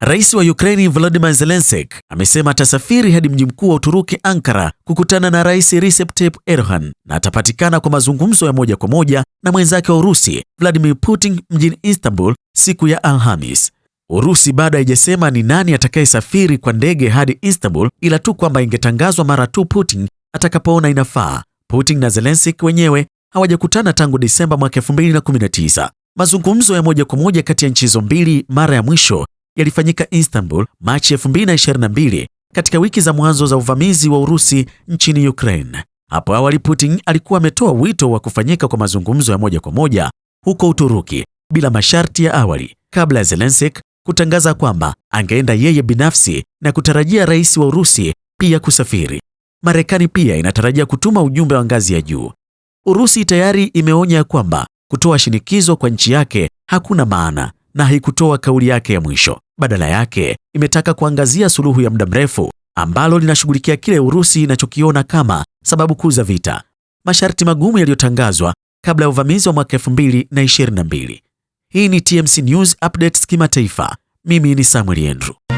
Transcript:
Rais wa Ukraini Volodymyr Zelensky amesema atasafiri hadi mji mkuu wa Uturuki Ankara kukutana na Rais Recep Tayyip Erdogan na atapatikana kwa mazungumzo ya moja kwa moja na mwenzake wa Urusi Vladimir Putin mjini Istanbul siku ya Alhamis. Urusi bado haijasema ni nani atakayesafiri kwa ndege hadi Istanbul, ila tu kwamba ingetangazwa mara tu Putin atakapoona inafaa. Putin na Zelensky wenyewe hawajakutana tangu Disemba mwaka 2019. Mazungumzo ya moja kwa moja kati ya nchi hizo mbili mara ya mwisho yalifanyika Istanbul Machi 2022 katika wiki za mwanzo za uvamizi wa Urusi nchini Ukraine. Hapo awali Putin alikuwa ametoa wito wa kufanyika kwa mazungumzo ya moja kwa moja huko Uturuki bila masharti ya awali, kabla ya Zelensky kutangaza kwamba angeenda yeye binafsi na kutarajia rais wa Urusi pia kusafiri. Marekani pia inatarajia kutuma ujumbe wa ngazi ya juu. Urusi tayari imeonya kwamba kutoa shinikizo kwa nchi yake hakuna maana na haikutoa kauli yake ya mwisho. Badala yake imetaka kuangazia suluhu ya muda mrefu ambalo linashughulikia kile Urusi inachokiona kama sababu kuu za vita, masharti magumu yaliyotangazwa kabla ya uvamizi wa mwaka 2022. Hii ni TMC News Updates kimataifa. Mimi ni Samuel Andrew.